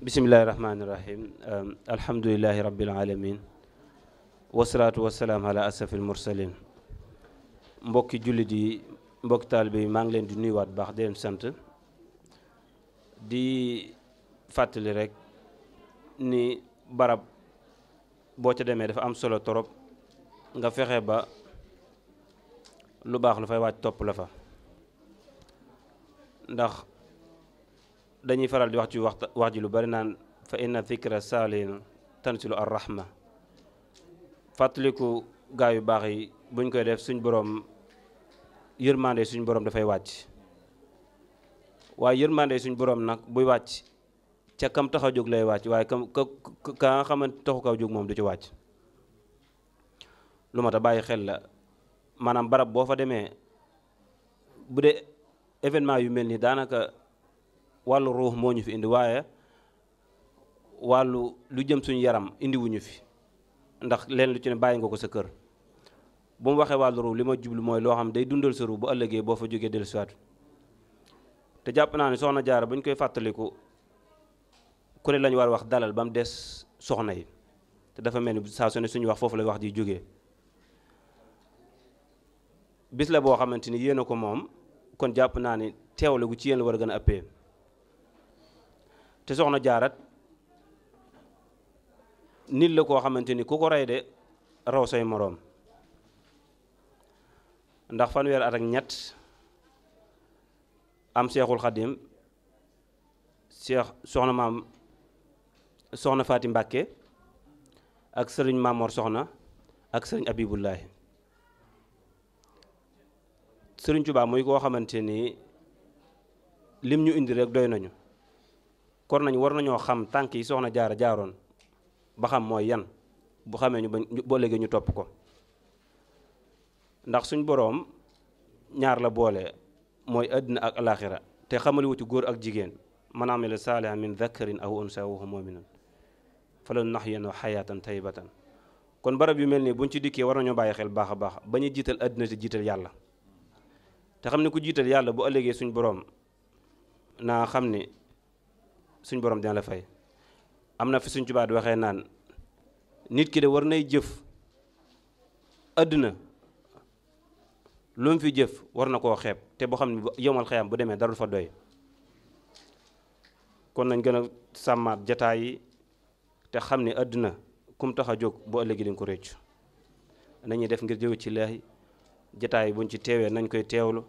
bismillahi rahmaani rahim alhamdulilahi rabbil alamin wasalaatu wasalaam ala asafil mbokki jullit yi mbokki taalibe yi maa ngi leen di nuyuwaat baax di sant di fàttali rek ni barab boo ca demee dafa am solo torop nga fexe ba lu baax lu fay wàcc topp la fa ndax dañuy faral di wax ci wax wax ji lu bari naan fa inna dhikra saalin tansilu ar rahma fàttaliku gaa yu baax yi buñ koy def suñ boroom yërmande suñ boroom dafay wàcc waaye yërmande suñ boroom nag buy wàcc ca kam tax jóg lay wàcc waaye kam ka ka nga xamante taxu kaw jóg moom du ci wàcc lu ma ta bàyyi xel la maanaam barab boo fa demee bu dee événement yu mel nii wàllu ruux moo ñu fi indi waaye wàllu lu jëm suñu yaram indiwuñu fi ndax leen lu ci ne bàyyi nga ko sa kër bu mu waxee wàllu ruux li ma jublu mooy loo xam day dundal sa ruux bu ëllëgee boo fa jógee dellusiwaat te jàpp naa ne soxna jaara bu ñu koy fàttaliku ku ne lañu war wax dalal ba mu des soxna yi te dafa mel ni saa su ne suñu wax foofu la wax di jógee bis la boo xamante ni yéen a ko moom kon jàpp naa ne teewle gu ci yéen la war a gën a ëppee te soxna jaarat nit la koo xamante ni ku ko rey de raw say moroom ndax fanweer at ak ñett am seexul xadim seex soxna maam soxna faati mbàkke ak sëriñ maamoor soxna ak sëriñ abibullahi sëriñ Tuubaa muy koo xamante ni lim ñu indi rekk doy nañu kon nañ war nañoo xam tànk yi soxna jaara jaaroon mooy yan bu xamee ñu ba boo ñu topp ko ndax suñ boroom ñaar la boole mooy àddina ak alaaxira te xamaliwu ci góor ak jigéen man amila saalihan min dakarin aw unsa wa huwa muminun falanuhyiyannahu xayaatan tayyibatan kon barab yu mel nii buñ ci dikkee war nañoo bàyyi xel baax a baax ba ñu jiital àddina si jiital yàlla te xam ne ku jiital yàlla bu ëllëgee suñ boroom naa xam ne suñ borom dina la fay am na fi suñ tubaab di waxee naan nit ki de war nay jëf àdduna lu mu fi jëf war na koo xeeb te boo xam ne yomal xeyam bu demee dara du fa doy kon nañ gën a sàmmaat jataay yi te xam ne àdduna kum tax a jóg bu ëllëgi di ko réccu nañuy def ngir jëw ci laahi jataay buñ ci teewee nañ koy teewlu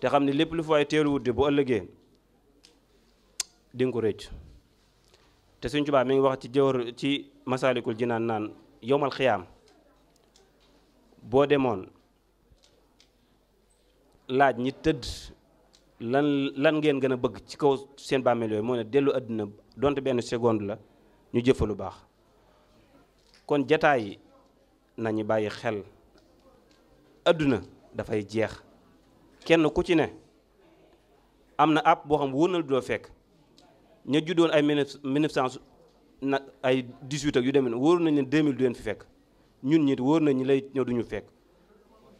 te xam ne lépp lu fay teewlu wut de bu ëllëgee di nga te Sëñ Tuubaa mi ngi wax ci jawar ci masaalikul jinaan naan yowmal xiyaam boo demoon laaj ñi tëdd lan lan ngeen gën a bëgg ci kaw seen bàmmeel yooyu moo ne dellu àdduna donte benn seconde la ñu jëfa lu baax kon jataay yi nañu bàyyi xel àdduna dafay jeex kenn ku ci ne am na àpp boo xam wóor na lu doo fekk ña juddoon ay mille neuf cent na ay 18 ak yu demee wóor nañ ne 2000 du leen fi fekk ñun ñit wóor nañ ñi lay ñëw duñu fekk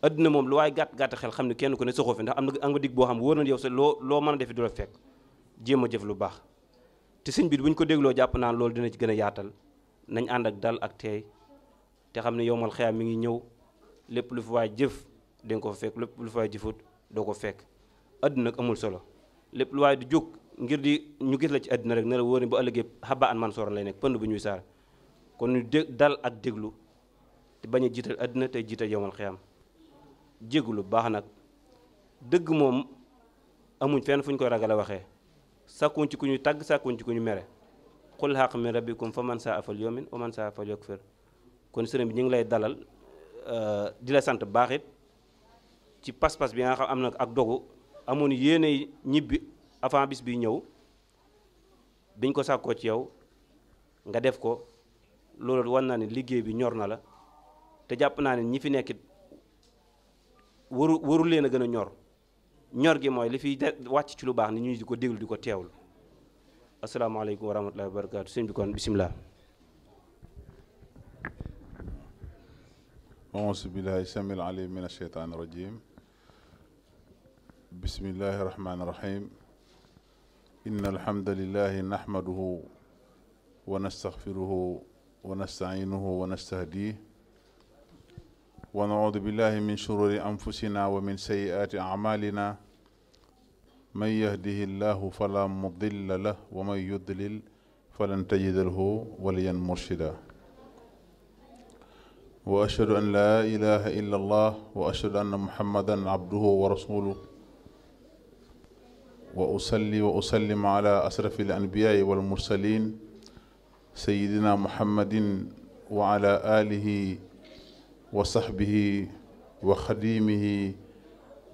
adduna moom lu waaye gàtt gàtt xel xam ne kenn ku ne soxoo fi ndax am na am nga dig boo xam wóor na loo loo mën a jéem a jëf lu baax te sëñ bi bu ñu ko dégloo jàpp naan loolu dina gën a yaatal nañ ànd ak dal ak teey te xam ne yowmal xeyaam mi ngi ñëw lépp lu fi waay jëf dañ nga ko fekk lépp lu fi waay jëfut doo ko fekk adduna amul solo lépp lu waay di jóg ngir di ñu gis la ci àddina rek ne la wóor ne bu ëllëgee xaba an man sooran lay nekk pënd bu ñuy saar kon ñu dé dal ak déglu te bañ jiital àddina tey jiital yowmal xiyaam jéglu baax nag dëgg moom amuñ fenn fuñ koy ragale waxee sàkkuñ ci ku ñu tàgg sàkkuñ ci ku ñu mere xul xaq min rabbikum fa man saa afal yawmin wa man saa afal yakfir kon sëriñ bi ñu ngi lay dalal euh, di la sant baax it ci pas-pas bi nga xam am na ak dogu amoon yéene ñibbi avant bis bi ñëw biñ ko sàkkoo ci yow nga def ko loolu war naa ni liggéey bi ñor na la te jàpp naa ne ñi fi nekkit waru waru leen a gën a ñor ñor gi mooy li fiy wàcc ci lu baax ni ñu di ko déglu di ko teewlu asalaamaaleykum wa rahmatullahi wa barakaatu sëñ bi kon bisimilah auzu billahi samil alim min rajim bismillahi rahmaani rahim إن الحمد لله نحمده ونستغفره ونستعينه ونستهديه ونعوذ بالله من شرور أنفسنا ومن سيئات أعمالنا من يهده الله فلا مضل له ومن يضلل فلن تجد له وليا مرشدا وأشهد أن لا إله إلا الله وأشهد أن محمدا عبده ورسوله wa usalli wa usallim ala asrafi alanbiyaai walmursalin sayidina muhammadin wa ala alihi wa sahbihi wa xadimihi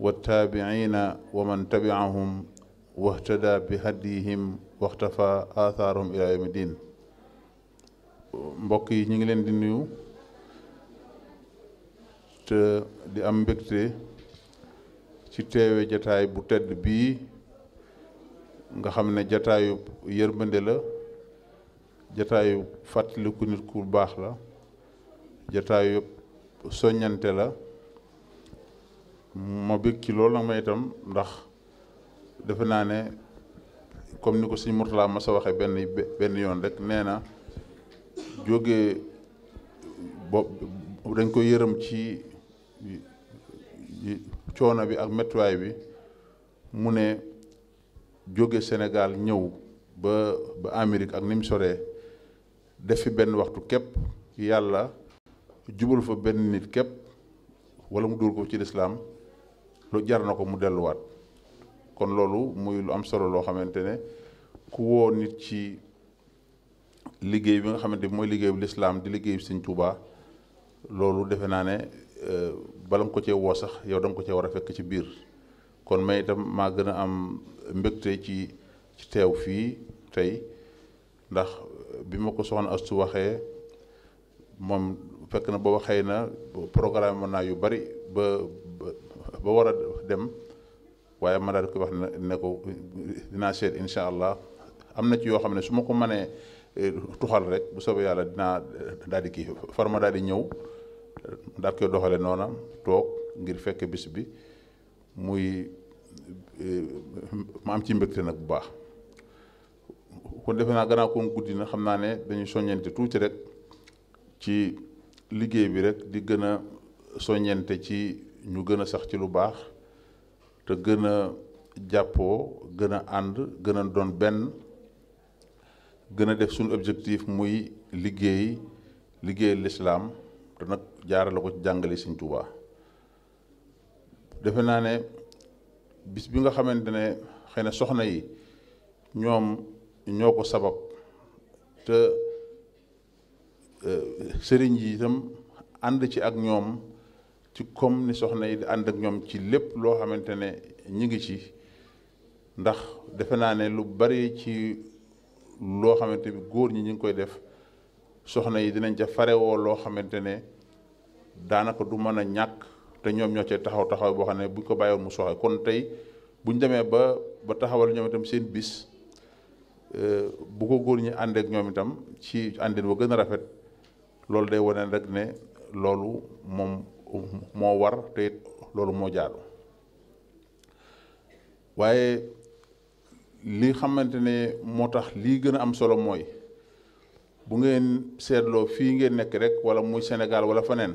wa taabiciina wa man tabiahum wahtada bi hadiyihim waxtafa athaarahum ila yawmi din mbokk yi ñu ngi leen di nuyu te di am mbégte ci teewe jataay bu tedd bii nga xam ne jataayu yërmande la jataayu fàttaliku nit ku baax la jataayu soññante la ma bëgg ci loolu nag ma itam ndax defe naa ne comme ni ko sëñ Mourtala ma sa waxee benn benn yoon rek nee na jógee bopp dañ ko yërëm ci coono bi ak mettuwaay bi mu ne jóge Sénégal ñëw ba ba ak ni mu soree def fi benn waxtu képp yàlla jubal fa benn nit képp wala mu dóor ko ci lislaam lu jar na ko mu delluwaat kon loolu muy lu am solo loo xamante ne ku woo nit ci liggéey bi nga xamante bi mooy liggéey bu lislaam di liggéey Sëñ Tuubaa loolu defe naa ne euh, bala nga ko cee woo sax yow da ko cee war a fekk ci biir kon may itam maa gën a am mbégte ci ci teew fii tey ndax bi ma ko soxna astu waxee moom fekk na booba xëy na programme naa yu bari ba ba war a dem waaye ma daal di ko wax ne ko dinaa incha allah am na ci yoo xam ne su ma ko manee eh, tuxal rek bu soobee yàlla dinaa daal di kii far ma daal di ñëw daal koy doxale noona toog ngir fekk bis bi muy eh, ma am ci mbégte nag bu baax kon defe naa gannaaw koom guddi na xam naa ne dañuy soññante tuuti rek ci liggéey bi rek di gën a soññante ci ñu gën a sax ci lu baax te gën a jàppoo gën a ànd gën a doon benn gën a def suñu objectif muy liggéey liggéey lislaam te nag jaarale ko jàngale Sëñ Tuubaa defe naa ne bis bi nga xamante ne xëy na soxna yi ñoom ñoo ko sabab te euh, sëriñ yi itam ànd ci ak ñoom ci comme ni soxna yi di ànd ak ñoom ci lépp loo xamante ne ñi ngi ci ndax defe naa ne lu bari ci loo xamante ni góor ñi ñu ngi koy def soxna yi dinañ ca farewoo loo xamante ne daanaka du mën a ñàkk te ñoom ñoo cee taxaw taxaw boo xam ne buñ ko bàyyoon mu soxee kon tey buñ demee ba ba taxawal ñoom itam seen bis euh, bu ko góor ñi ànd ak ñoom itam ci àndin wa gën a rafet loolu day wane rek ne loolu moom moo war moo jaadu waaye li xamante ne moo tax lii gën a am solo mooy bu ngeen seetloo fii ngeen nekk rek wala muy Sénégal wala feneen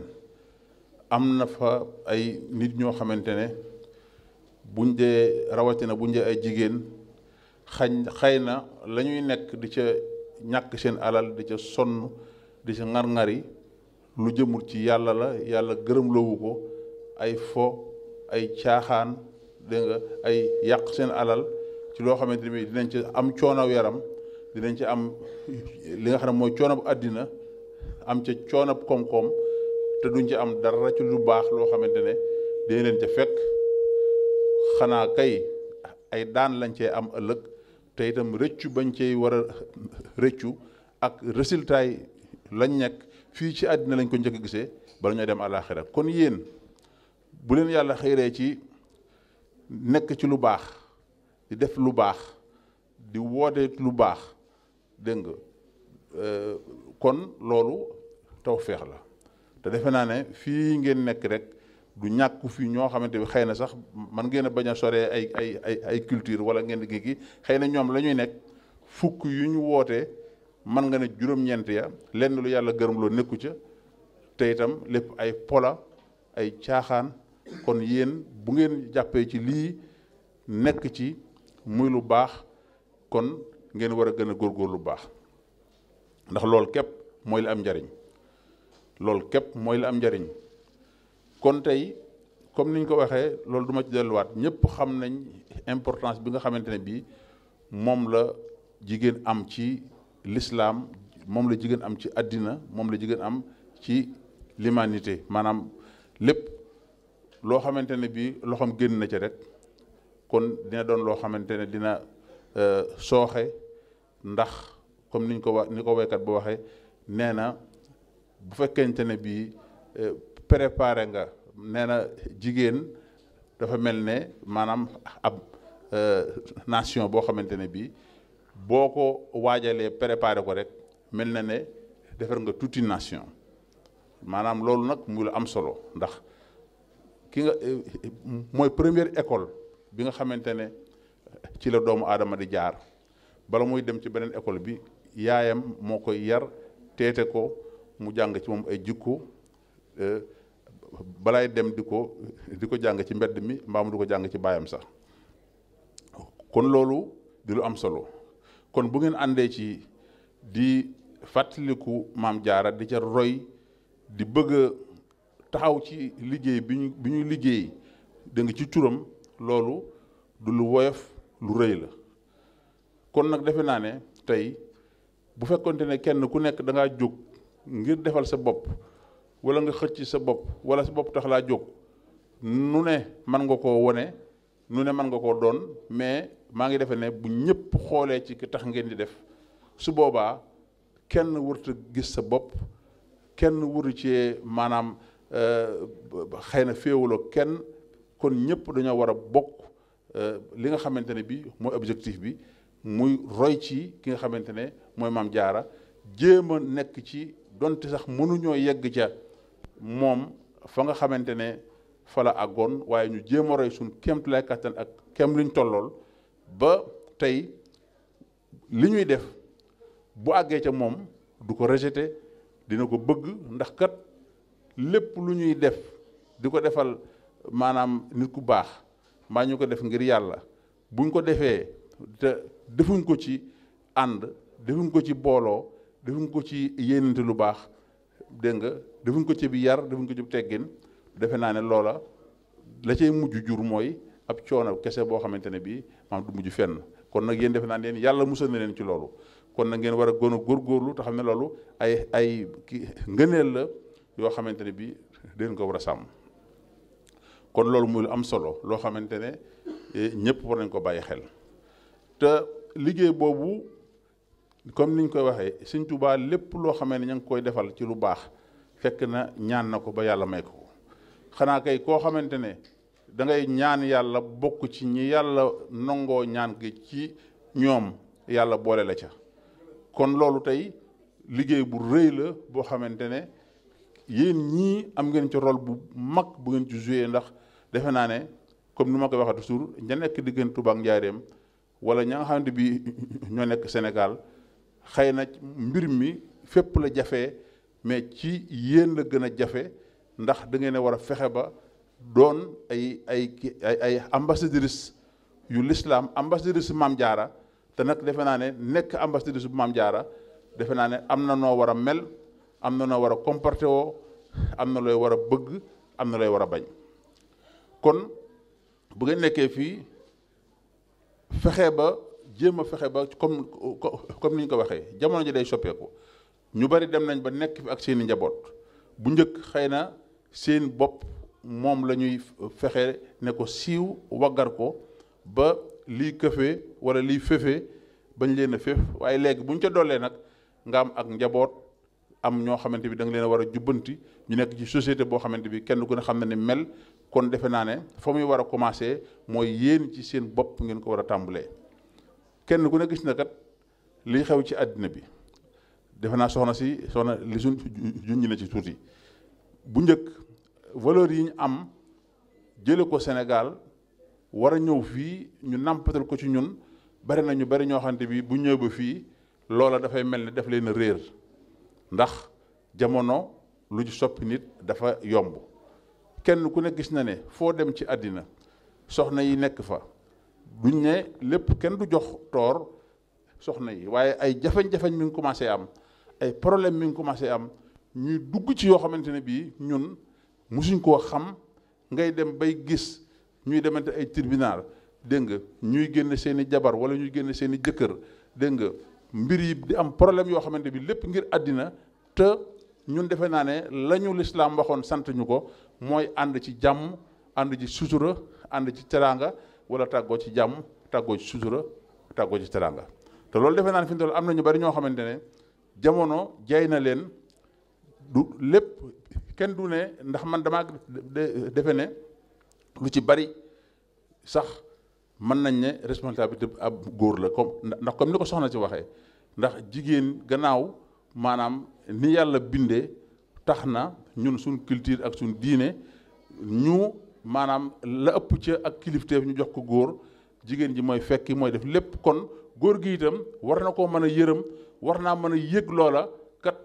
am na fa ay nit ñoo xamante ne buñ dee rawatina buñ dee ay jigéen xañ xëy na la nekk di ca ñàkk seen alal di ca sonn di ca ŋar-ŋar yi lu jëmul ci yàlla la yàlla gërëm loowu ko ay fo ay caaxaan dégg ay yàq seen alal ci loo xamante ni bii dinañ ci am coonaw yaram dinañ ci am li nga xam ne mooy coonab àddina am ca coonab koom-koom te duñ ci am dara ci lu baax loo xamante ne dina leen ca fekk xanaa kay ay daan lañ cee am ëllëg te itam rëccu bañ cey war a rëccu ak résultat yi lañ nekk fii ci àddina lañ ko njëkk gisee bala ñoo dem àllaaxira kon yéen bu leen yàlla xëyree ci nekk ci lu baax di def lu baax di woote lu baax dégg nga euh, kon loolu tawféex la te defe naa ne fii ngeen nekk rek du ñàkk fii ñoo xamante bi xëy na sax man ngeen bañ a soree ay ay ay ay culture wala ngeen di gi xëy na ñoom la ñuy nekk fukk yu ñu wootee man nga ne juróom-ñeent ya lenn lu yàlla gërëm loo nekku ca te itam lépp ay pola ay caaxaan kon yéen bu ngeen jàppee ci lii nekk ci muy lu baax kon ngeen war a gën a góorgóor lu baax ndax loolu képp mooy li am njariñ loolu képp mooy la am njariñ kon tey comme niñ ko waxee loolu duma ci delluwaat ñëpp xam nañ importance bi nga xamante ne bii moom la jigéen am ci lislaam moom la jigéen am ci àddina moom la jigéen am ci l'humanité maanaam lépp loo xamante ne bii loxoom génn na ci rek kon dina doon loo xamante ne dina euh, sooxe ndax comme niñ ko wa ni ko waykat ba waxee nee na bu fekkente ne bii eh, préparé nga nee na jigéen dafa mel ne maanaam ab eh, nation boo xamante ne bii boo ko waajalee préparé ko rek mel na ne defar nga toute une nation maanaam loolu nag muy lu am solo ndax ki nga eh, mooy première école bi nga xamante ne ci la doomu aadama di jaar bala mooy dem ci beneen école bi yaayam moo koy yar teete ko mu jàng ci moom ay jikko euh, balaay dem di ko di ko jàng ci mbedd mi mbaa mu di ko jàng ci baayam sax kon loolu di lu am solo kon bu ngeen àndee ci di fàttaliku maam jaara di ca roy di bëgg taxaw ci liggéey bi ñu ñuy liggéey da ci turam loolu du lu woyof lu rëy la kon nag defe naa ne tey bu fekkonte ne kenn ku nekk da ngaa jóg ngir defal sa bopp wala nga xëcc sa bopp wala sa bopp tax laa jóg nu ne mën nga koo wone nu ne mën nga koo doon mais maa ngi defe ne bu ñëpp xoolee ci ki ngeen di def su boobaa kenn wërta gis sa bopp kenn wuru ci maanaam euh, xëy na féewuloo kenn kon ñëpp dañoo war a bokk euh, li nga xamante ne bi mooy objectif bi muy roy ci ki nga xamante ne mooy maam jaara jéem nekk ci donte sax mënuñoo yegg ca moom fa nga xamante ne fa la àggoon waaye ñu jéem a roy suñ kémt lay kattan ak kem luñ tollool ba tey li ñuy def bu àggee ca moom du ko rejeter dina ko bëgg ndax kat lépp lu ñuy def di ko defal maanaam nit ku baax maa ñu ko def ngir yàlla buñ ko defee te defuñ ko ci ànd defuñ ko ci booloo defuñ ko ci yéenante lu baax dégg nga defuñ ko ci bi yar defuñ ko ci bi teggin defe naa ne loola la cay mujj jur mooy ab coono kese boo xamante ne bii maam du mujj fenn kon nag yéen defe naa ne yàlla musal na leen ci loolu kon na ngeen war a gën a góorgóorlu te xam ne loolu ay ay ki ngëneel la yoo xamante ne bii deen ko war a sàmm kon loolu muy am solo loo xamante ne eh, ñëpp war nañ ko bàyyi xel te liggéey boobu comme niñ koy waxee sëñ Tuubaa lépp loo xamee ne ña ngi koy defal ci lu baax fekk na ñaan na ko ba yàlla may ko xanaa kay koo xamante ne da ngay ñaan yàlla bokk ci ñi yàlla nangoo ñaan gi ci ñoom yàlla boole la ca kon loolu tey liggéey bu rëy la boo xamante ne yéen ñii am ngeen ci rôle bu mag bu ngeen ci joué ndax defe naa ne comme ni ma koy waxee toujours ña nekk diggante Touba ak Njaaréem wala ña nga xamante bi ñoo nekk Sénégal xëy na mbir mi fépp la jafe mais ci yéen la gën a jafe ndax da ngeen a war a fexe ba doon ay ay ay ay ambassadrice yu l'islam ambassadrice Maam Jaara te nag defe naa ne nekk ambassadrice bu Maam Jaara defe naa ne am na noo war a mel am na noo war a comporté woo am na looy war a bëgg am na looy war a bañ kon bu nekkee fii fexe ba jéem a fexe ba comme comme ni ñu ko waxee jamono ji day soppeeku ñu bari dem nañ ba nekk fi ak seen njaboot bu njëkk xëy na seen bopp moom la ñuy fexe ne ko siiw waggar ko ba lii këfee wala lii féfee bañ leen a féef waaye léegi bu ñu ca doolee nag nga am ak njaboot am ñoo xamante bi da leen a war a jubbanti ñu nekk ci société boo xamante bi kenn ku ne xam na ne mel kon defe naa ne fa muy war a commencer mooy yéen ci seen bopp ngeen ko war a tàmbalee. kenn ku ne gis na kat li xew ci àddina bi defe naa soxna si soxna li suñ junj na ci tuuti bu njëkk valeur yi ñu am jële ko senegal war a ñëw fii ñu nampatal ko ci ñun bari na ñu bari ñoo xamante bi bu ñëw ba fii loola dafay mel ne def leen a réer ndax jamono lu ci soppi nit dafa yomb kenn ku ne gis na ne foo dem ci àddina soxna yi nekk fa duñ ne lépp kenn du jox toor soxna yi waaye ay jafe jafeñ mi ngi commencé am ay problème mi ngi commencé am ñuy dugg ci yoo xamante ne bii ñun musuñ koo xam ngay dem bay gis ñuy demante ay tribunal dégg nga ñuy génn seen i jabar wala ñuy génn seen i jëkkër dégg nga mbir yi di am problème yoo xamante bi lépp ngir àddina te ñun defe naa ne la ñu lislaam waxoon sant ñu ko mooy ànd ci jàmm ànd ci sutura ànd ci teraanga wala tàggoo ci jàmm tàggoo ci sutura tàggoo ci teranga te loolu defe naa ne fi am na ñu bari ñoo xamante ne jamono jaay na leen du lépp kenn du ne ndax man damaa defe ne lu ci bari sax mën nañ ne responsabilité ab góor la comme ndax comme ni ko soxna si waxee ndax jigéen gannaaw maanaam ni yàlla bindee tax na ñun suñ culture ak suñ diine ñu maanaam la ëpp ca ak kilifteef ñu jox ko góor jigéen ji mooy fekki mooy def lépp kon góor gi itam war na koo mën a yërëm war naa mën a yëg loola kat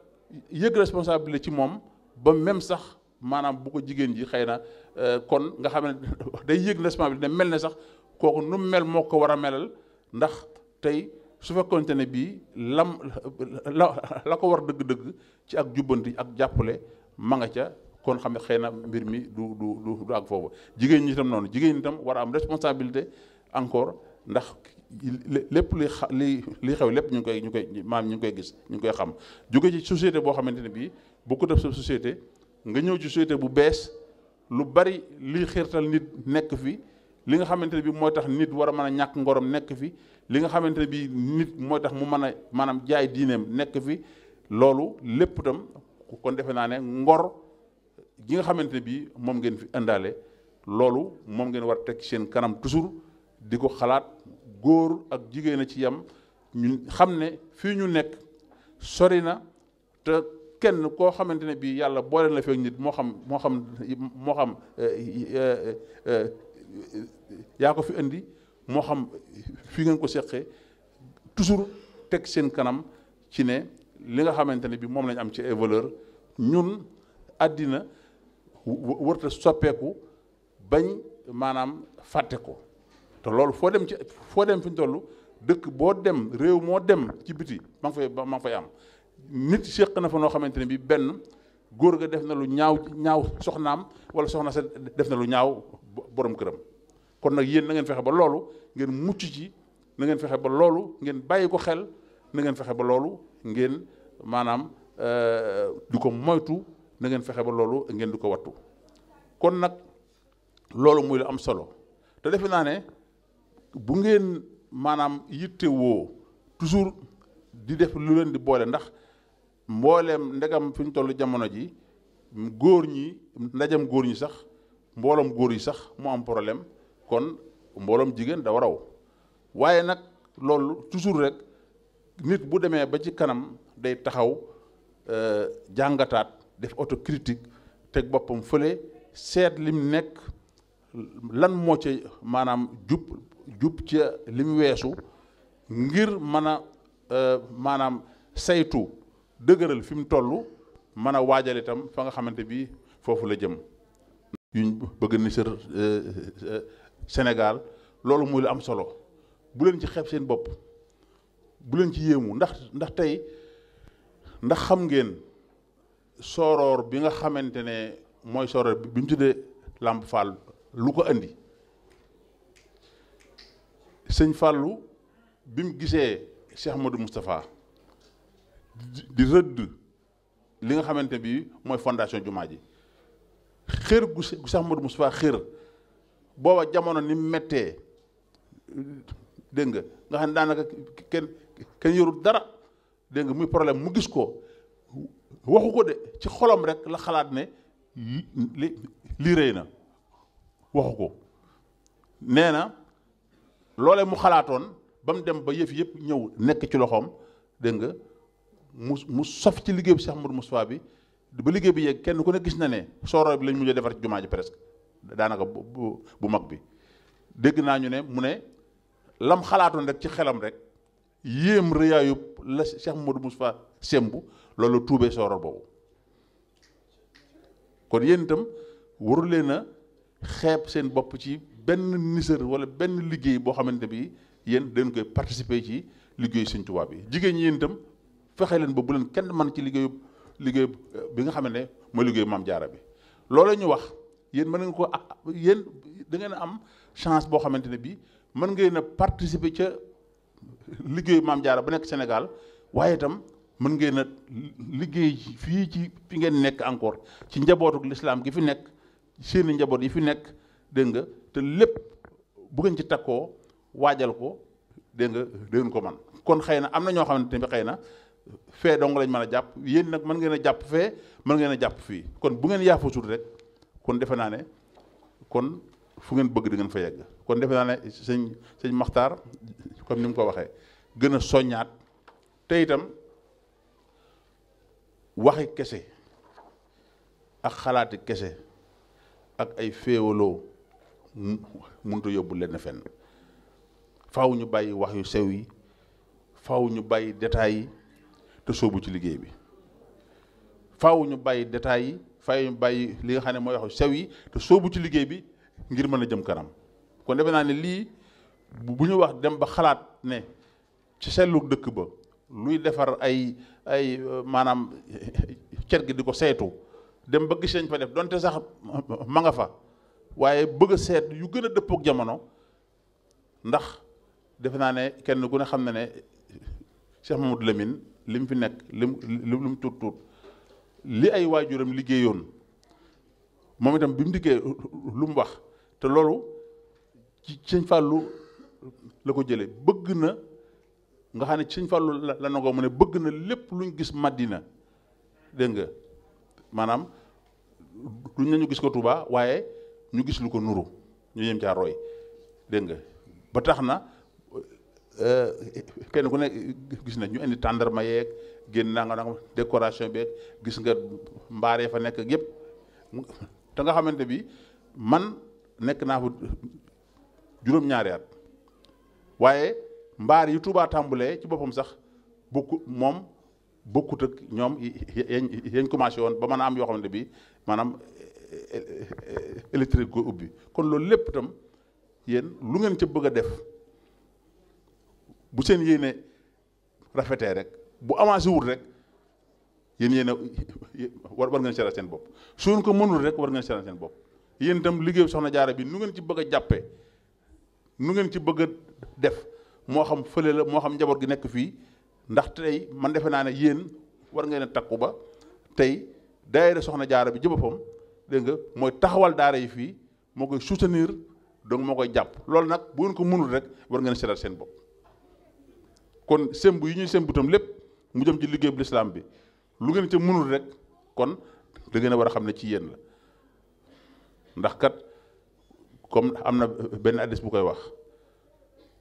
yëg responsabilité ci moom ba même sax maanaam bu ko jigéen ji xëy na euh, kon nga xam ni day yëg responsabilité ne mel ne sax kooku nu mel moo ko war a melal ndax tey su fekkonte ne bii lam la la ko war dëgg-dëgg ci ak jubbanti ak jàppale ma nga ca kon xam ne xëy na mbir mi du du du du ak foofu jigéen ñi itam noonu jigéen ñi itam war a am responsabilité encore ndax lépp li li li xew lépp ñu ngi koy ñu koy maam ñu koy gis ñu ngi koy xam jóge ci société boo xamante ne bii bu ko def sa société nga ñëw ci société bu bees lu bari lii xiirtal nit nekk fi li nga xamante ne bii mooy tax nit war a mën a ñàkk ngorom nekk fi li nga xamante ne bii nit mooy tax mu mën a maanaam jaay diineem nekk fi loolu lépp itam kon defe naa ne ngor. gi nga xamante ne bii moom ngeen fi indaale loolu moom ngeen war teg seen kanam toujours di ko xalaat góor ak jigéen a ci yam ñu xam ne fii ñu nekk sori na te kenn koo xamante ne bii yàlla boole na feek nit moo xam moo xam moo xam eh, eh, eh, yaa ko fi indi moo xam fi ngeen ko seqee toujours teg seen kanam ci ne li nga xamante ne bii moom lañ am ci ay valeur ñun àddina wërta soppeeku bañ maanaam fàtte ko te loolu foo dem ci foo dem fi ñu toll dëkk boo dem réew moo dem ci biti ma nga fay am nit séq na fa noo xamante ne bii benn góor ga def na lu ñaaw ñaaw soxnaam wala soxna sa def na lu ñaaw borom këram kon nag yéen na ngeen fexe ba loolu ngeen mucc ci na ngeen fexe ba loolu ngeen bàyyi ko xel nangeen fexe ba loolu ngeen maanaam euh, di ko moytu na ngeen fexe ba loolu ngeen di ko wattu kon nag loolu muy lu am solo te defe naa ne bu ngeen maanaam yittewoo toujours di def lu leen di boole ndax mbooleem ndegam fi ñu toll jamono ji góor ñi ndajam góor ñi sax mbooloom góor yi sax mu am problème kon mbooloom jigéen dafa raw waaye nag loolu toujours rek nit bu demee ba ci kanam day taxaw euh, jàngataat def autocritique teg boppam fële seet lim nekk lan moo ci maanaam jub jub ci lim weesu ngir mën a euh, maanaam saytu dëgëral fi mu toll mën a waajal itam fa nga xamante bi foofu la jëm yuñ bëgg ni sër euh, euh, Sénégal loolu muy lu am solo bu leen ci xeeb seen bopp bu leen ci yéemu ndax ndax tey ndax xam ngeen sooroor bi nga xamante ne mooy sooroor bi mu tuddee Lamp Fall lu ko andi sëñ Fallu bi mu gisee Cheikh Modou Moustapha di rëdd li nga xamante bi mooy fondation jumaa ji xër gu Cheikh Modou Moustapha xër booba jamono ni mettee dégg nga nga xam ne daanaka kenn kenn yorul dara dégg nga muy problème mu gis ko waxu ko de ci xolam rek la xalaat ne li lii rëy na waxu ko nee na loole mu xalaatoon ba mu dem ba yëf yëpp ñëw nekk ci loxoom dégg nga mu mu sof ci liggéey bi Cheikh Modou Moustapha bi ba liggéey bi yegg kenn ku ne gis na ne sooroor bi lañ mujj a defar ci jumaa ji presque daanaka bu bu mag bi dégg naa ñu ne mu ne lam xalaatoon rek ci xelam rek yéem rëyaayub la Cheikh Modou Moustapha sembu loolu tuubee sooroor boobu kon yéen itam waru leen a xeeb seen bopp ci benn nisër wala benn liggéey boo xamante bi yéen dañ koy participer ci liggéeyu Sëñ tubaab bi jigéen ñi yéen itam fexe leen ba bu leen kenn man ci liggéeyu liggéey euh, bi nga xamante ne mooy liggéeyu Maam Jaara bi loolu ñu wax yéen mën nga ko ah yéen da a am chance boo xamante ne bi mën ngeen a participer ca liggéeyu Maam Jaara ba nekk Sénégal waaye itam mën ngeen a liggéey fii ci fi ngeen nekk encore ci njabootuk lislaam gi fi nekk seeni njaboot yi fi nekk dégg nga te lépp bu ngeen ci takkoo waajal ko dégg nga dégg ko man kon xëy na am na ñoo xamante ne bi xëy na fee dong lañ mën a jàpp yéen nag mën ngeen a jàpp fee mën ngeen a jàpp fii kon bu ngeen yaafa sut rek kon defe naa ne kon fu ngeen bëgg di ngeen fa yegg kon defe naa ne sëñ sëñ maxtar comme ni mu ko waxee gën a soññaat te itam waxi kese ak xalaati kese ak ay féewaloo mënta yóbbu lenn fenn faaw ñu bàyyi wax yu sew yi faaw ñu bàyyi détails yi te sóobu ci liggéey bi fawuñu ñu bàyyi détails yi faaw ñu bàyyi li nga xam ne mooy wax yu sew yi te soobu ci liggéey bi ngir mën a jëm kanam kon defe naa ne lii bu ñu wax dem ba xalaat ne ci seetlu dëkk ba luy defar ay ay maanaam cer gi di ko saytu dem ba gis fa def donte sax ma nga fa waaye bëgg seet yu gën a dëppook jamono ndax defe naa ne kenn ku ne xam na ne Cheikh Mamadou Lamine li mu fi nekk lim lim tuut tuut li ay waajuram liggéeyoon moom itam bi mu liggéey lu mu wax te loolu ci Sëñ Fàllu la ko jële bëgg na nga xam ne sëñ Fallu la nangoo mu ne bëgg na lépp luñ gis Madina dégg nga maanaam luñ nañu gis ko Touba waaye ñu gis lu ko nuru ñu yem caa roy dégg nga ba tax na euh, kenn ku ne gis na ñu indi tàndarma yeeg génn naa nga nag décoration beeg gis nga mbaaree fa nekk yépp te nga xamante bi man nekk naa fa juróom-ñaari waaye mbaar yi Touba tàmbulee ci boppam sax bokku moom bokkut ak ñoom yañ commencé woon ba mën a am yoo xam ne bii maanaam eh, eh, électrique ko ubbi kon loolu lépp tam yéen lu ngeen ci bëgg a def bu seen yéene rafetee rek bu avancé wul rek yéen yéen war war ngeen seetal seen bopp su ngeen ko mënul rek war ngeen seetal seen bopp yéen tam liggéeyu soxna jaara bi nu ngeen ci bëgg a jàppee nu ngeen ci bëgg a def moo xam fële la moo xam njaboot gi nekk fii ndax tey man defe naa ne yéen war ngeen a takku ba tey daayira soxna jaara bi jëbëfam dégg nga mooy taxawal daara yi fii moo koy soutenir donc moo koy jàpp loolu nag bu ngeen ko mënul rek war ngeen a seen bopp kon semb yi ñuy semb itam lépp mu jëm ci liggéey bu lislaam bi lu ngeen ca mënul rek kon da ngeen war a xam ne ci yéen la ndax kat comme am na benn addis bu koy wax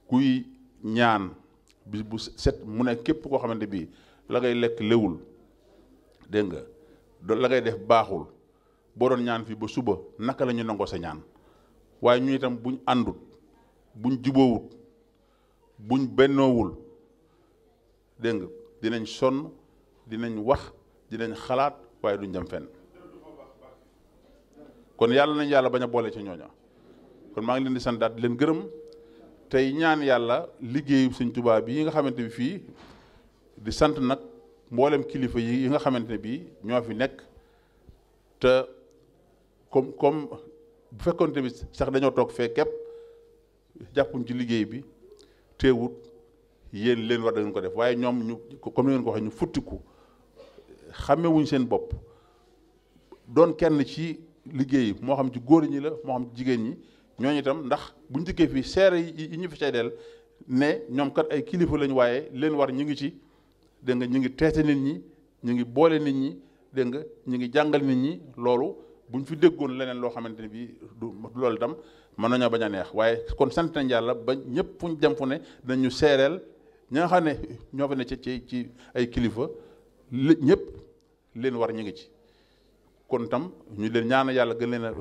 kuy ñaan bis bu set mu ne képp koo xamante bii la ngay lekk léwul dégg nga doon la ngay def baaxul boo doon ñaan fii ba suba naka la ñu nangoo sa ñaan waaye ñu itam buñ àndut buñ juboowut buñ bennoowul dégg nga dinañ sonn dinañ wax dinañ xalaat waaye duñ dem fenn kon yàlla nañ yàlla bañ a boole ci ñooña kon maa ngi leen di santaat di leen gërëm tey ñaan yàlla liggéeyu sëñ tubaab bi yi nga xamante bi fii di sant nag mboolem kilifa yi yi nga xamante ne bii ñoo fi nekk te comme comme bu fekkoon tamit sax dañoo toog fee képp jàppuñ ci liggéey bi teewut yéen leen war da ko def waaye ñoom ñu comme ni ngeen ko waxee ñu futtiku xàmmewuñ seen bopp doon kenn ci liggéey moo xam ci góor ñi la moo xam ci jigéen ñi ñooñu itam ndax buñ dikkee fii seere yi ñu fi seedeel ne ñoom kat ay kilifa lañ waaye leen war ñu ngi ci dégg nga ñu ngi teete nit ñi ñu ngi boole nit ñi dégg nga ñu ngi jàngal nit ñi loolu buñ fi déggoon leneen loo xamante ne bii du loolu itam mën nañoo bañ a neex waaye kon sant nañ yàlla ba ñëpp fuñ dem fu ne dañu seereel ñi xam ne ñoo fa ne ci ci ay kilifa li ñëpp leen war ñu ngi ci kon tam ñu leen ñaan yàlla gën leen a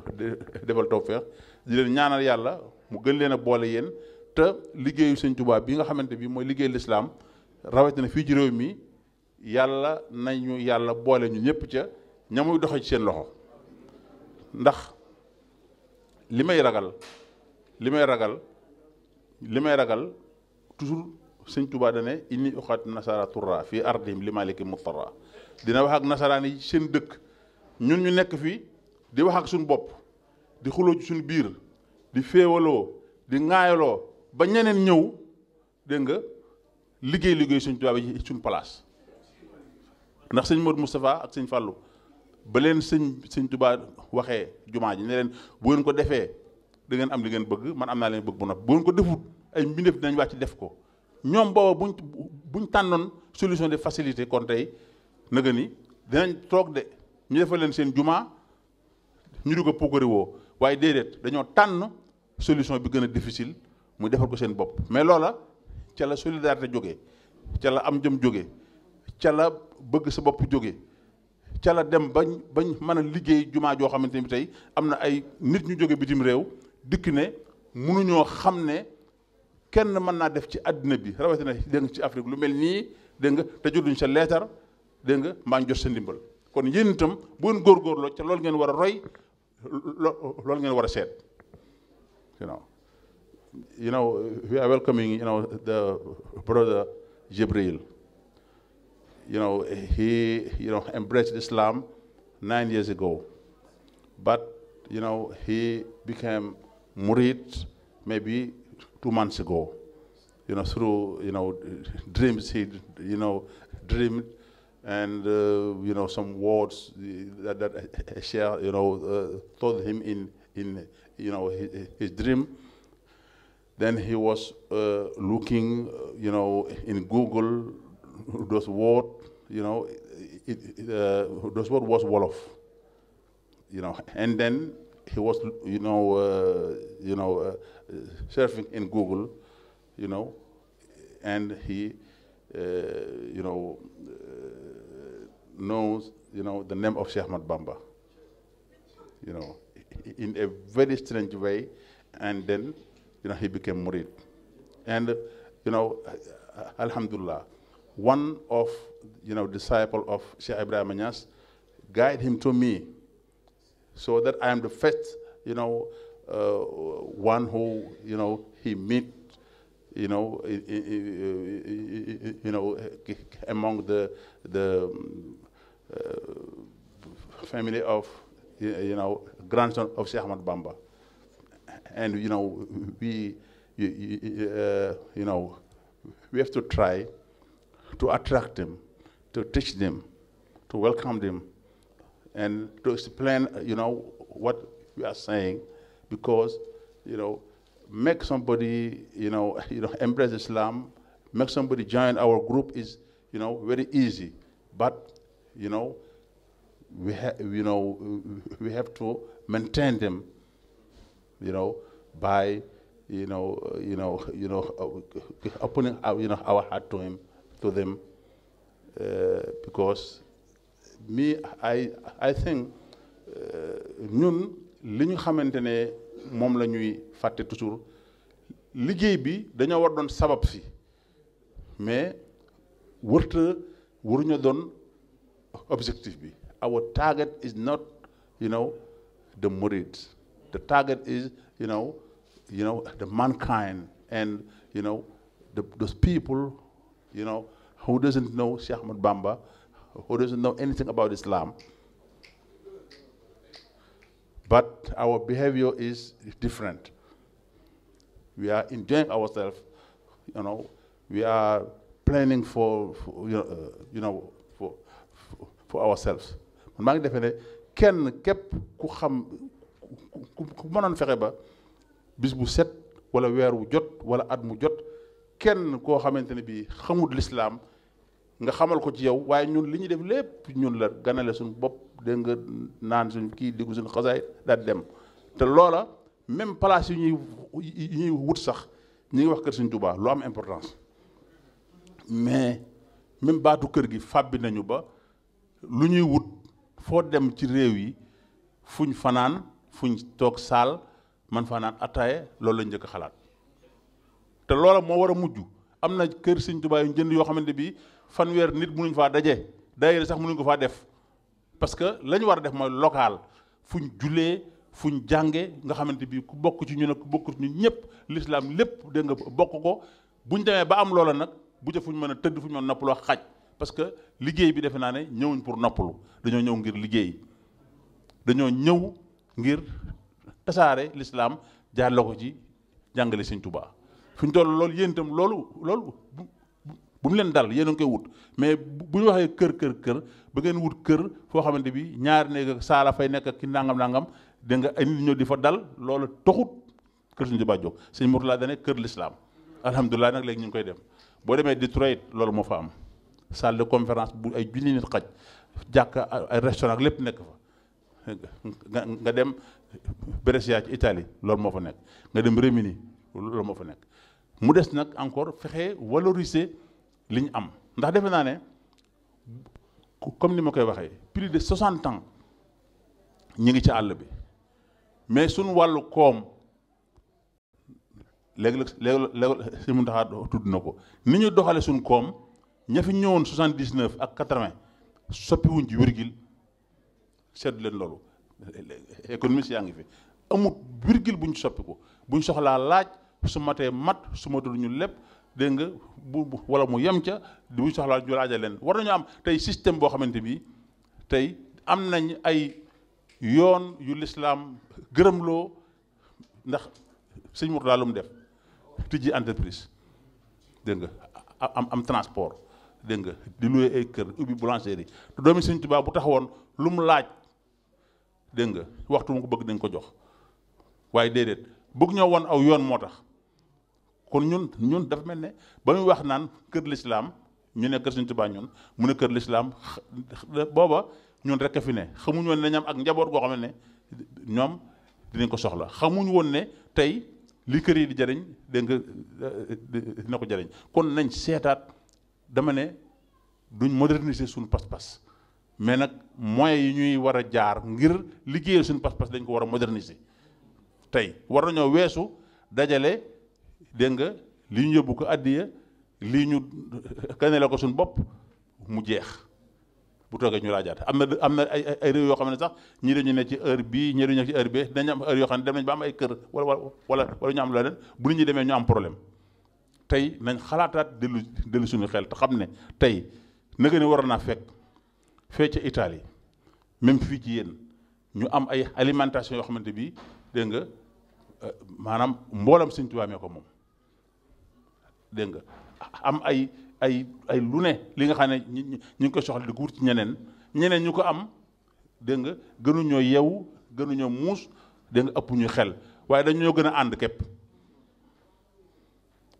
defal tawfeex di leen ñaanal yàlla mu gën leen a boole yéen te liggéeyu sëñ Tuubaa bi nga xamante bi mooy liggéey lislaam rawatina fii ci réew mi yàlla nañu yàlla boole ñu ñëpp ca ñamuy doxe ci seen loxo ndax li may ragal li may ragal li may ragal toujours sëñ Tuubaa dane indi uxaat nasara turra fii ardim li maliki muttara dina wax ak nasaraan yi seen dëkk ñun ñu nekk fii di wax ak suñu bopp di xuloo ci suñu biir di féewaloo di ŋaayaloo ba ñeneen ñëw dégg nga liggéey liggéey suñ tubaab yi suñ place ndax sëñ Modou Moustapha ak sëñ Fallou ba leen sëñ sëñ tubaab waxee jumaa ji ne leen bu ngeen ko defee dangeen am li ngeen bëgg man am naa leen bëgg bu nopp bu ngeen ko defut ay mbindeef dinañ wàcc def ko ñoom booba bu buñ tànnoon solution de facilité kon tey nëgë ni dinañ toog de ñu defal seen jumaa ñu di ko puukari woo waaye déedéet dañoo tànn solution bi gën a difficile muy defal ko seen bopp mais loola ca la solidarité jóge ca la am jëm jóge ca la bëgg sa bopp jóge ca la dem bañ bañ mën a liggéey jumaa joo xamante ni bi tey am na ay nit ñu jóge bitim réew dikk ne mënuñoo xam ne kenn mën naa def ci àddina bi rawatina dégg ci Afrique lu mel nii dégg nga te jotuñ sa leetar dégg nga mbaa ñu jot sa ndimbal kon yéen itam bu ngeen góorgóorloo ca loolu ngeen war a roy loolu ngeen war a seet you know you know we are welcoming you know the brother Jibril you know he you know Islam nine years ago but you know he became Murid maybe two months ago you know through dreams he you know dreamed and uh, you know some words that, that Sheikh you know uh, told him in in you know his, his dream. Then he was uh, looking you know in Google those words you know it, it, those words was Wolof you know and then he was you know uh, you know uh, surfing in Google you know and he uh, you know knows, you know, the name of Sheikh Ahmad Bamba, in a very strange way. And then, you know, he became Murid. And, you know, Alhamdulillah, one of, you know, of Sheikh Ibrahim Anyas guide him to me so that I am the first, you know, uh, one who, he meet, you know, among Euh, family of you know grandson of Sheikh Ahmad Bamba, and you know we you, uh, you know we have to try to attract them, to teach them, to welcome them, and to explain you know what we are saying, because you know make somebody you know you know embrace Islam, make somebody join our group is you know very easy, but you know, we have, you know, we have to maintain them, you know, you know, you know, you uh, uh, to him, uh, because me, I, think, ñun li ñu xamante ne moom la ñuy fàtte toujours liggéey bi dañoo war doon sabab si mais wërta waruñu doon. objective bi our target is not you know the murid the target is you know you know the mankind and you know the, those people you know who doesn't know Sheikh Ahmad Bamba who doesn't know anything about Islam but our behavior is different we are enjoying ourselves you know we are planning for, for you know, uh, you know for ourselves man maa ngi defee ne kenn képp ku xam ku mënoon fexe ba bis bu set wala weer wu jot wala at mu jot kenn koo xamante ne bii xamut lislaam nga xamal ko ci yow waaye ñun li ñuy def lépp ñun la ganale suñu bopp dégg nga naan suñ kii diggu suñu xasaay daal dem te loola même place yu ñuy yu wut sax ñu ngi wax kër suñ Tuubaa lu am importance mais même baatu kër gi fàbbi nañu ba lu ñuy wut foo dem ci réew yi fuñ fanaan fuñ toog saal man fanaan attaaye loolu lañ njëkk xalaat te loola moo war a mujj am na kër Sëñ Tuubaa njënd yoo xamante bi fanweer nit mënuñ faa daje daayira sax mënuñ ko faa def parce que la war a def mooy local fuñ julee fuñ jànge nga xamante bi ku bokk ci ñu ne ku bokk ci ñu ñëpp lislaam lépp dégg nga bokk ko bu ñu demee ba am loola nag bu ca fuñ mën a tëdd fuñ mën nopp loo xaj parce que liggéey bi defe naa ne ñëwuñ pour noppalu dañoo ñëw ngir liggéey dañoo ñëw ngir tasaare lislaam jaarle ko ci jàngale Sëñ tubaa fi ñu toll loolu yéen itam loolu loolu bu mu leen dal yéen a ngi koy wut mais bu ñu waxee kër kër kër ba ngeen wut kër foo xamante bi ñaari néeg saala fay nekk ki nangam nangam da nga ay nit ñëw di fa dal loolu taxut kër Sëñ Tuubaa jóg Sëñ laa dane kër lislaam alhamdulilah nag léegi ñu ngi koy dem boo demee Detroit loolu moo fa am salle de conférence bu ay junni nit xaj jàkk ay restaurant lépp nekk fa nga dem Brescia ci Italie loolu moo fa nekk nga dem Rimini loolu moo fa nekk mu des nag encore fexe valoriser li ñu am ndax defe naa ne comme ni ma koy waxee plus de 60 ans ñu ngi ci àll bi mais suñu wàllu koom léegi léegi léegi si mu taxaa tudd na ko ni ñu doxale suñu koom ña fi ñëwoon 79 ak 80 soppiwuñ ci virgule sedd leen loolu économiste yaa ngi fi amut bu buñ soppi ko buñ soxlaa laaj su matee mat su matul ñu lépp dégg nga bu wala mu yem ca buñ soxlaa ju laaja leen war nañu am tey système boo xamante bi tey am nañ ay yoon yu lislaam gërëmloo ndax sëñ Mourtada lu mu def tijji entreprise dégg nga am am transport dégg nga di loué ay kër ubbi boulangerie te doomi Sëñ Tuubaa bu taxawoon lu mu laaj dégg nga waxtu mu ko bëgg dañ ko jox waaye déedéet bëgg ñoo woon aw yoon moo tax kon ñun ñun dafa mel ne ba muy wax naan kër lislaam ñu ne kër Sëñ Tuubaa ñun mu ne kër lislaam booba ñun rek fi ne xamuñ woon ne ñam ak njaboot boo xam ne ñoom dinañ ko soxla xamuñu woon ne tey li kër yi di jariñ dégg nga dina ko jariñ kon nañ seetaat dama ne duñ moderniser suñu pas-pas mais nag moyens yi ñuy war a jaar ngir liggéeyal suñu pas-pas dañ ko war a moderniser tey war nañoo weesu dajale dégg nga lii ñu yóbbu ko addiya lii ñu kanale ko suñu bopp mu jeex bu toogee ñu laajaat am na am na ay ay yoo xam ne sax ñii dañu ne ci heure bii ñii dañu ne ci heure bee am heure yoo xam ne dem nañ ba am ay kër wala wala wala ñu am leneen bu nit ñi demee ñu am problème. tey nañ xalaataat dellu dellu suñu xel te xam ne tey na nga ne naa fekk fee ca Italie même fii ci yéen ñu am ay alimentation yoo xamante bi dégg nga euh, maanaam mboolam Sëñ Tuubaa ko moom dégg nga am ay ay ay lu ne li nga xam ne ñu ñu ngi koy soxla di guur ci ñeneen ñeneen ñu ko am dégg nga gënuñoo yeewu gënuñoo muus dégg nga ëpp ñu xel waaye ñoo gën a ànd képp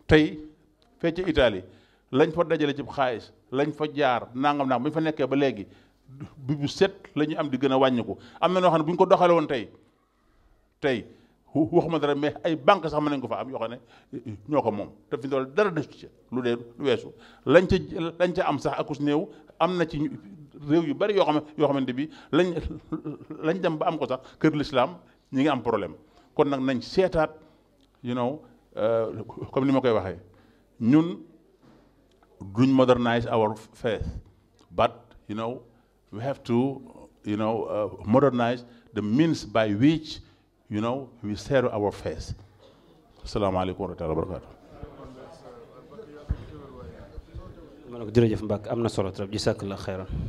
tey fee ca Italie lañ fa dajale ci xaalis lañ fa jaar nangam nangam bu ñu fa nekkee ba léegi bi bu set la ñu am di gën a wàññiku am na noo xam ne bu ñu ko doxalee woon tey tey waxuma dara mais ay banque sax ma nañ ko fa am yoo xam ne ñoo ko moom te fi dool dara desu ci lu dee lu weesu lañ ca lañ ca am sax akus néew am na ci réew yu bari yoo xam yoo xamante bi lañ lañ dem ba am ko sax kër l'islam ñi ngi am problème kon nag nañ seetaat you know Euh, comme ni ma koy waxee ñun duñ modernize our faith but you know we have to you know uh, modernize the means by which you know we serve our faith asalaamaaleykum wa rahmatulah wa barakatu ma ne ko jërëjëf Mbacke am na solo trop ji sàkk la xeyran